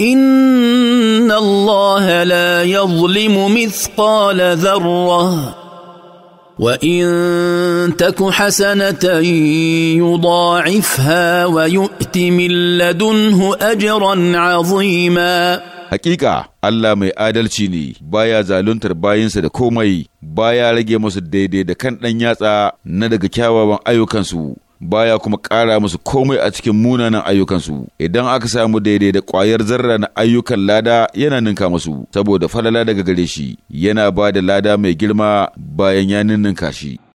ان الله لا يظلم مثقال ذره وان تك حسنه يضاعفها ويؤت من لدنه اجرا عظيما Hakika Allah mai adalci ne baya zaluntar bayinsa da komai baya rage musu daidai da kan ɗan yatsa na daga kyawawan ayyukansu baya kuma ƙara musu komai a cikin munanan ayyukansu idan aka samu daidai da ƙwayar zarra na ayyukan lada yana ninka musu saboda falala daga gare shi yana ba da lada mai girma bayan ya ninka shi